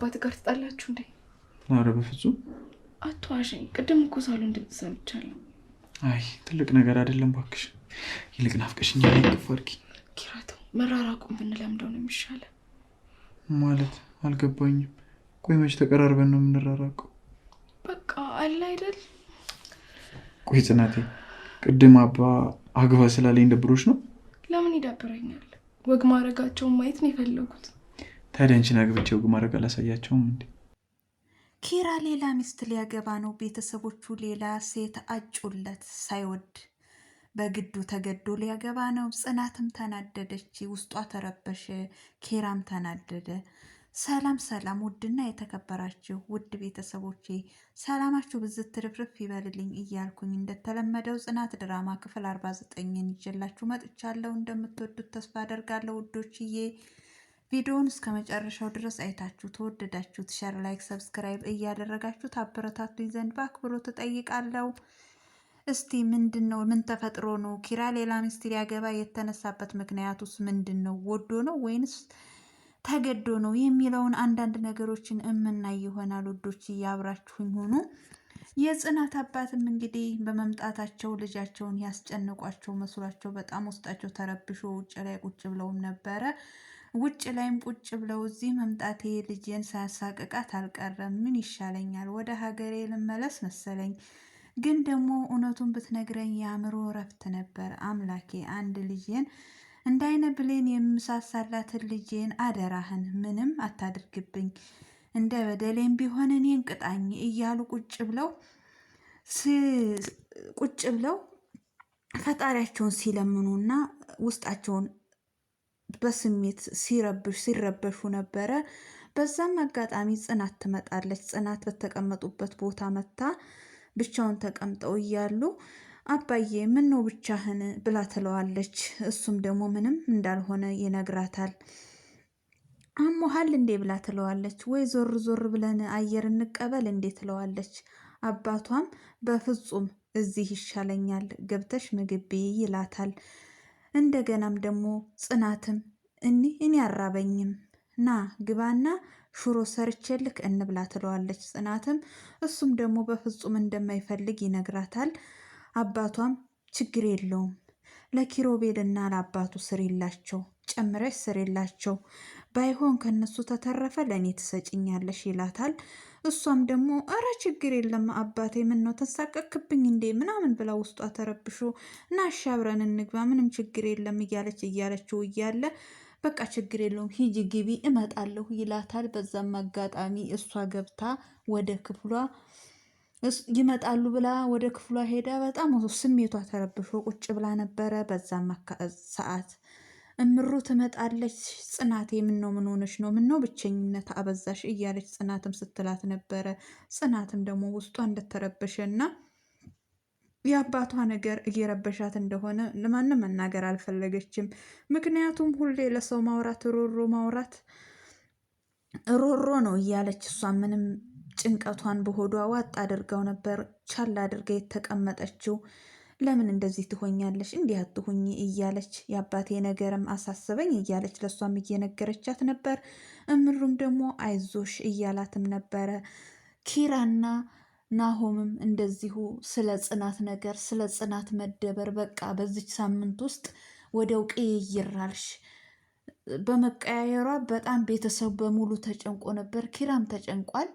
ከአባት ጋር ትጣላችሁ እንዴ? ኧረ በፍጹም አሸኝ ቅድም እኮ ሳሎን ድምፅ ሰምቻለሁ። አይ ትልቅ ነገር አይደለም ባክሽ ይልቅ ናፍቀሽኛ ቅፍ አድርጊ። ኪራቶ መራራቁን ብንለምደው ነው የሚሻለ ማለት አልገባኝም። ቆይ መች ተቀራርበን ነው የምንራራቀው? በቃ አለ አይደል። ቆይ ጽናቴ፣ ቅድም አባ አግባ ስላለኝ ደብሮች ነው? ለምን ይዳብረኛል? ወግ ማድረጋቸውን ማየት ነው የፈለጉት ታዲያ አንቺን አግብቼ ወግ ማድረግ አላሳያቸውም እንዴ? ኪራ ሌላ ሚስት ሊያገባ ነው። ቤተሰቦቹ ሌላ ሴት አጩለት ሳይወድ በግዱ ተገዶ ሊያገባ ነው። ጽናትም ተናደደች፣ ውስጧ ተረበሸ፣ ኪራም ተናደደ። ሰላም ሰላም! ውድና የተከበራችሁ ውድ ቤተሰቦቼ ሰላማችሁ ብዝት ትርፍርፍ ይበልልኝ እያልኩኝ እንደተለመደው ጽናት ድራማ ክፍል 49ን ይዤላችሁ መጥቻለሁ። እንደምትወዱት ተስፋ አደርጋለሁ ውዶችዬ። ቪዲዮውን እስከ መጨረሻው ድረስ አይታችሁ ተወደዳችሁት ሸር፣ ላይክ፣ ሰብስክራይብ እያደረጋችሁ ታበረታቱኝ ዘንድ በአክብሮት ትጠይቃለሁ እስቲ ምንድን ነው? ምን ተፈጥሮ ነው? ኪራ ሌላ ሚስት ሊያገባ የተነሳበት ምክንያቱስ ምንድን ነው? ወዶ ነው ወይንስ ተገዶ ነው የሚለውን አንዳንድ ነገሮችን እምናይ ይሆናል። ወዶች እያብራችሁኝ ሆኑ። የጽናት አባትም እንግዲህ በመምጣታቸው ልጃቸውን ያስጨንቋቸው መስሏቸው በጣም ውስጣቸው ተረብሾ ውጭ ላይ ቁጭ ብለውም ነበረ። ውጭ ላይም ቁጭ ብለው እዚህ መምጣቴ ልጄን ሳያሳቅቃት አልቀረም። ምን ይሻለኛል? ወደ ሀገሬ ልመለስ መሰለኝ። ግን ደግሞ እውነቱን ብትነግረኝ የአእምሮ እረፍት ነበር። አምላኬ አንድ ልጄን እንዳይነ ብሌን የምሳሳላትን ልጄን አደራህን ምንም አታድርግብኝ፣ እንደ በደሌም ቢሆን እኔን ቅጣኝ እያሉ ቁጭ ብለው ቁጭ ብለው ፈጣሪያቸውን ሲለምኑና ውስጣቸውን በስሜት ሲረብሽ ሲረበሹ ነበረ። በዛም አጋጣሚ ጽናት ትመጣለች። ጽናት በተቀመጡበት ቦታ መታ ብቻውን ተቀምጠው እያሉ አባዬ ምን ነው ብቻህን ብላ ትለዋለች። እሱም ደግሞ ምንም እንዳልሆነ ይነግራታል። አሞሃል እንዴ ብላ ትለዋለች። ወይ ዞር ዞር ብለን አየር እንቀበል እንዴ ትለዋለች። አባቷም በፍጹም እዚህ ይሻለኛል ገብተሽ ምግብ ብይ ይላታል። እንደገናም ደግሞ ጽናትም እኒ እኔ አራበኝም ና ግባና ሽሮ ሰርቼልክ እንብላ ትለዋለች። ጽናትም እሱም ደግሞ በፍጹም እንደማይፈልግ ይነግራታል። አባቷም ችግር የለውም ለኪሮቤልና ለአባቱ የላቸው ጨምረሽ ስሬላቸው ባይሆን ከነሱ ተተረፈ ለእኔ ትሰጭኛለሽ ይላታል። እሷም ደግሞ እረ ችግር የለም አባቴ፣ ምን ነው ተሳቀቅብኝ እንዴ ምናምን ብላ ውስጧ ተረብሾ ናሻ አብረን እንግባ ምንም ችግር የለም እያለች እያለችው እያለ በቃ ችግር የለውም ሂጂ ግቢ እመጣለሁ ይላታል። በዛም አጋጣሚ እሷ ገብታ ወደ ክፍሏ ይመጣሉ ብላ ወደ ክፍሏ ሄዳ በጣም ስሜቷ ተረብሾ ቁጭ ብላ ነበረ። በዛም ሰዓት እምሩ ትመጣለች። ጽናቴ ምነው ምን ሆነች ነው? ምነው ብቸኝነት አበዛሽ? እያለች ጽናትም ስትላት ነበረ። ጽናትም ደግሞ ውስጧ እንደተረበሸ እና የአባቷ ነገር እየረበሻት እንደሆነ ለማንም መናገር አልፈለገችም። ምክንያቱም ሁሌ ለሰው ማውራት ሮሮ ማውራት ሮሮ ነው እያለች እሷ ምንም ጭንቀቷን በሆዷ ዋጥ አድርጋው ነበር ቻል አድርጋ የተቀመጠችው። ለምን እንደዚህ ትሆኛለሽ? እንዲህ አትሁኝ እያለች የአባቴ ነገርም አሳስበኝ እያለች ለእሷም እየነገረቻት ነበር። እምሩም ደግሞ አይዞሽ እያላትም ነበረ። ኪራና ናሆምም እንደዚሁ ስለ ጽናት ነገር ስለ ጽናት መደበር በቃ በዚች ሳምንት ውስጥ ወደ ውቄ ይራልሽ በመቀያየሯ በጣም ቤተሰብ በሙሉ ተጨንቆ ነበር። ኪራም ተጨንቋል።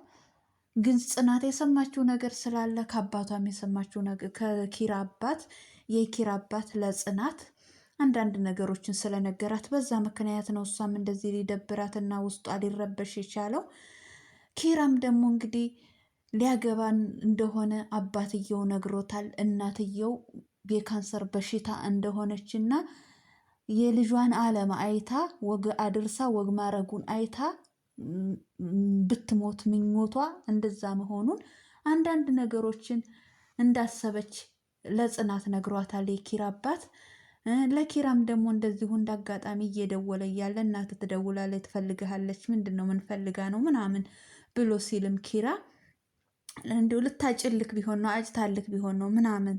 ግን ጽናት የሰማችው ነገር ስላለ ከአባቷም የሰማችው ነገር ከኪራ አባት የኪራ አባት ለጽናት አንዳንድ ነገሮችን ስለነገራት በዛ ምክንያት ነው እሷም እንደዚህ ሊደብራትና ውስጧ ሊረበሽ የቻለው። ኪራም ደግሞ እንግዲህ ሊያገባን እንደሆነ አባትየው ነግሮታል። እናትየው የካንሰር በሽታ እንደሆነችና የልጇን አለማ አይታ ወግ አድርሳ ወግ ማረጉን አይታ ብትሞት ምኞቷ እንደዛ መሆኑን አንዳንድ ነገሮችን እንዳሰበች ለጽናት ነግሯታል የኪራ አባት። ለኪራም ደግሞ እንደዚሁ እንዳጋጣሚ እየደወለ እያለ እናት ትደውላለች፣ ትፈልግሃለች፣ ምንድን ነው ምንፈልጋ ነው ምናምን ብሎ ሲልም ኪራ እንዲሁ ልታጭልክ ቢሆን ነው አጭታልክ ቢሆን ነው ምናምን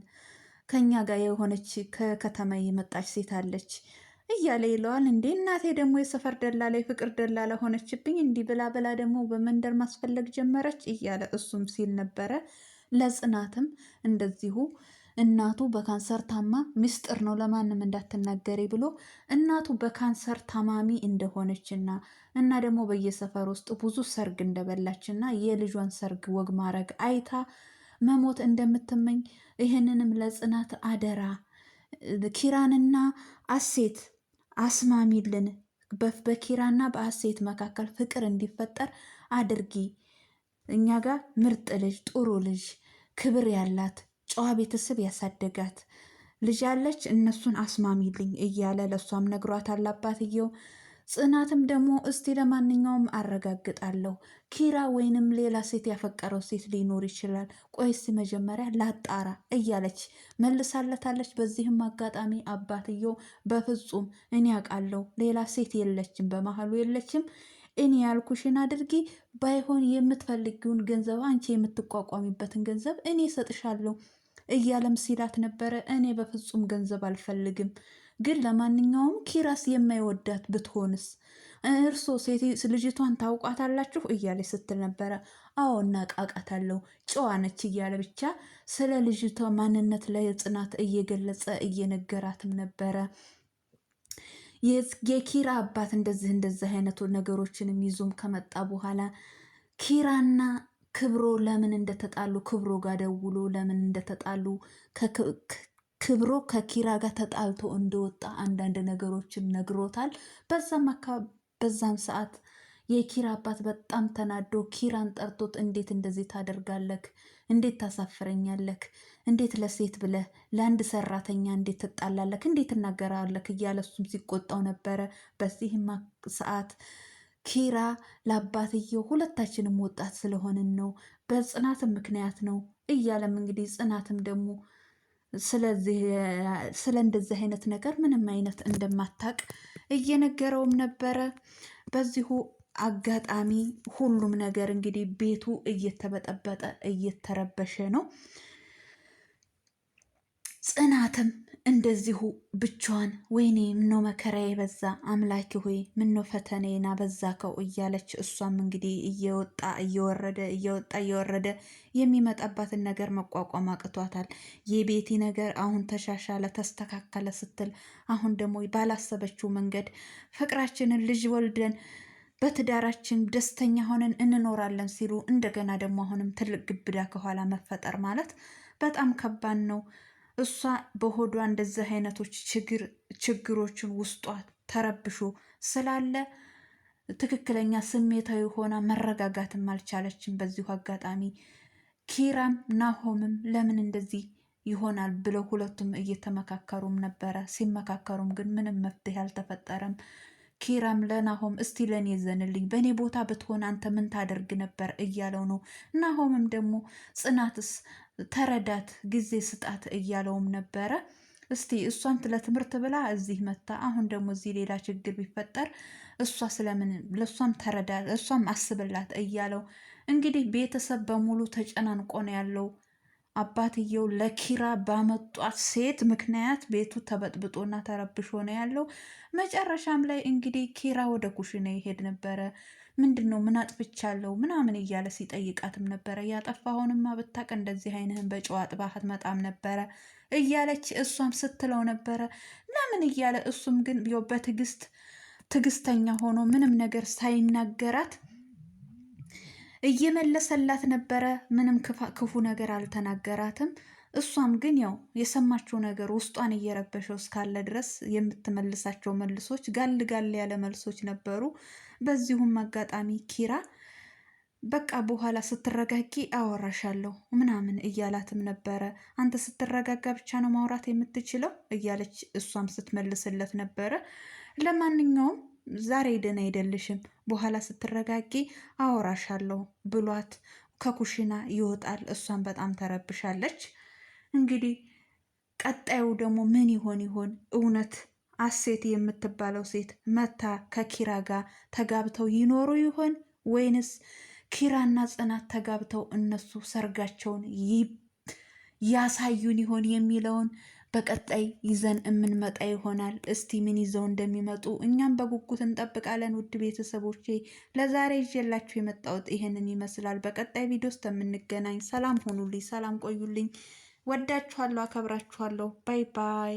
ከኛ ጋር የሆነች ከከተማ የመጣች ሴት አለች እያለ ይለዋል። እንዴ እናቴ ደግሞ የሰፈር ደላላ የፍቅር ደላላ ሆነችብኝ እንዲህ ብላ ብላ ደግሞ በመንደር ማስፈለግ ጀመረች እያለ እሱም ሲል ነበረ። ለጽናትም እንደዚሁ እናቱ በካንሰር ታማ ምስጢር ነው ለማንም እንዳትናገሬ ብሎ እናቱ በካንሰር ታማሚ እንደሆነችና እና ደግሞ በየሰፈር ውስጥ ብዙ ሰርግ እንደበላችና የልጇን ሰርግ ወግ ማድረግ አይታ መሞት እንደምትመኝ ይህንንም ለጽናት አደራ ኪራንና አሴት አስማሚልን በኪራና በአሴት መካከል ፍቅር እንዲፈጠር አድርጊ። እኛ ጋር ምርጥ ልጅ፣ ጥሩ ልጅ፣ ክብር ያላት ጨዋ ቤተሰብ ያሳደጋት ልጅ አለች። እነሱን አስማሚልኝ እያለ ለእሷም ነግሯት አላባትየው ጽናትም ደግሞ እስቲ ለማንኛውም አረጋግጣለሁ ኪራ ወይንም ሌላ ሴት ያፈቀረው ሴት ሊኖር ይችላል፣ ቆይስ መጀመሪያ ላጣራ እያለች መልሳለታለች። በዚህም አጋጣሚ አባትየው በፍጹም እኔ አውቃለሁ ሌላ ሴት የለችም፣ በመሀሉ የለችም እኔ ያልኩሽን አድርጊ፣ ባይሆን የምትፈልጊውን ገንዘብ አንቺ የምትቋቋሚበትን ገንዘብ እኔ ሰጥሻለሁ እያለም ሲላት ነበረ። እኔ በፍጹም ገንዘብ አልፈልግም ግን ለማንኛውም ኪራስ የማይወዳት ብትሆንስ እርሶ ልጅቷን ታውቋታላችሁ እያለች ስትል ነበረ። አዎ እናቃቃታለሁ፣ ነች እያለ ብቻ ስለ ልጅቷ ማንነት ለጽናት እየገለጸ እየነገራትም ነበረ። የኪራ አባት እንደዚህ እንደዚህ አይነቱ ነገሮችንም ይዞም ከመጣ በኋላ ኪራና ክብሮ ለምን እንደተጣሉ ክብሮ ጋር ደውሎ ለምን እንደተጣሉ ክብሮ ከኪራ ጋር ተጣልቶ እንደወጣ አንዳንድ ነገሮችን ነግሮታል። በዛም አካባቢ በዛም ሰዓት የኪራ አባት በጣም ተናዶ ኪራን ጠርቶት እንዴት እንደዚህ ታደርጋለክ? እንዴት ታሳፍረኛለክ? እንዴት ለሴት ብለህ ለአንድ ሰራተኛ እንዴት ትጣላለክ? እንዴት እናገራለክ? እያለ እሱም ሲቆጣው ነበረ። በዚህም ሰዓት ኪራ ለአባትየው ሁለታችንም ወጣት ስለሆንን ነው፣ በጽናትም ምክንያት ነው እያለም እንግዲህ ጽናትም ደግሞ ስለዚህ ስለ እንደዚህ አይነት ነገር ምንም አይነት እንደማታቅ እየነገረውም ነበረ። በዚሁ አጋጣሚ ሁሉም ነገር እንግዲህ ቤቱ እየተበጠበጠ እየተረበሸ ነው። ጽናትም እንደዚሁ ብቻዋን ወይኔ ምኖ መከራ የበዛ አምላኪ ሆይ ምነው ፈተናዬን አበዛከው እያለች እሷም እንግዲህ እየወጣ እየወረደ እየወጣ እየወረደ የሚመጣባትን ነገር መቋቋም አቅቷታል። የቤቲ ነገር አሁን ተሻሻለ ተስተካከለ ስትል አሁን ደግሞ ባላሰበችው መንገድ ፍቅራችንን ልጅ ወልደን በትዳራችን ደስተኛ ሆነን እንኖራለን ሲሉ እንደገና ደግሞ አሁንም ትልቅ ግብዳ ከኋላ መፈጠር ማለት በጣም ከባድ ነው። እሷ በሆዷ እንደዚህ አይነቶች ችግሮችን ውስጧ ተረብሾ ስላለ ትክክለኛ ስሜታዊ ሆና መረጋጋትም አልቻለችም። በዚሁ አጋጣሚ ኪራም ናሆምም ለምን እንደዚህ ይሆናል ብለው ሁለቱም እየተመካከሩም ነበረ። ሲመካከሩም ግን ምንም መፍትሄ አልተፈጠረም። ኪራም ለናሆም እስቲ ለእኔ ዘንልኝ፣ በእኔ ቦታ ብትሆን አንተ ምን ታደርግ ነበር እያለው ነው። ናሆምም ደግሞ ጽናትስ ተረዳት፣ ጊዜ ስጣት እያለውም ነበረ። እስቲ እሷም ለትምህርት ብላ እዚህ መታ፣ አሁን ደግሞ እዚህ ሌላ ችግር ቢፈጠር እሷ ስለምን ለእሷም ተረዳት፣ እሷም አስብላት እያለው እንግዲህ ቤተሰብ በሙሉ ተጨናንቆ ነው ያለው። አባትየው ለኪራ ባመጧት ሴት ምክንያት ቤቱ ተበጥብጦና ተረብሾ ነው ያለው። መጨረሻም ላይ እንግዲህ ኪራ ወደ ኩሽና ይሄድ ነበረ። ምንድን ነው ምን አጥፍቻለሁ ምናምን እያለ ሲጠይቃትም ነበረ። ያጠፋሁንማ ብታቅ እንደዚህ ዓይንህን በጨው አጥባህ መጣም ነበረ እያለች እሷም ስትለው ነበረ። ለምን እያለ እሱም ግን በትዕግስት ትዕግስተኛ ሆኖ ምንም ነገር ሳይናገራት እየመለሰላት ነበረ። ምንም ክፉ ነገር አልተናገራትም። እሷም ግን ያው የሰማችው ነገር ውስጧን እየረበሸው እስካለ ድረስ የምትመልሳቸው መልሶች ጋል ጋል ያለ መልሶች ነበሩ። በዚሁም አጋጣሚ ኪራ በቃ በኋላ ስትረጋጊ አወራሻለሁ ምናምን እያላትም ነበረ። አንተ ስትረጋጋ ብቻ ነው ማውራት የምትችለው እያለች እሷም ስትመልስለት ነበረ። ለማንኛውም ዛሬ ደህና አይደለሽም፣ በኋላ ስትረጋጊ አወራሻለሁ ብሏት ከኩሽና ይወጣል። እሷን በጣም ተረብሻለች። እንግዲህ ቀጣዩ ደግሞ ምን ይሆን ይሆን? እውነት አሴት የምትባለው ሴት መታ ከኪራ ጋር ተጋብተው ይኖሩ ይሆን ወይንስ ኪራና ጽናት ተጋብተው እነሱ ሰርጋቸውን ያሳዩን ይሆን የሚለውን በቀጣይ ይዘን የምንመጣ ይሆናል። እስቲ ምን ይዘው እንደሚመጡ እኛም በጉጉት እንጠብቃለን። ውድ ቤተሰቦቼ ለዛሬ ይዤላችሁ የመጣሁት ይህንን ይመስላል። በቀጣይ ቪዲዮ ውስጥ የምንገናኝ። ሰላም ሆኑልኝ፣ ሰላም ቆዩልኝ። ወዳችኋለሁ፣ አከብራችኋለሁ። ባይ ባይ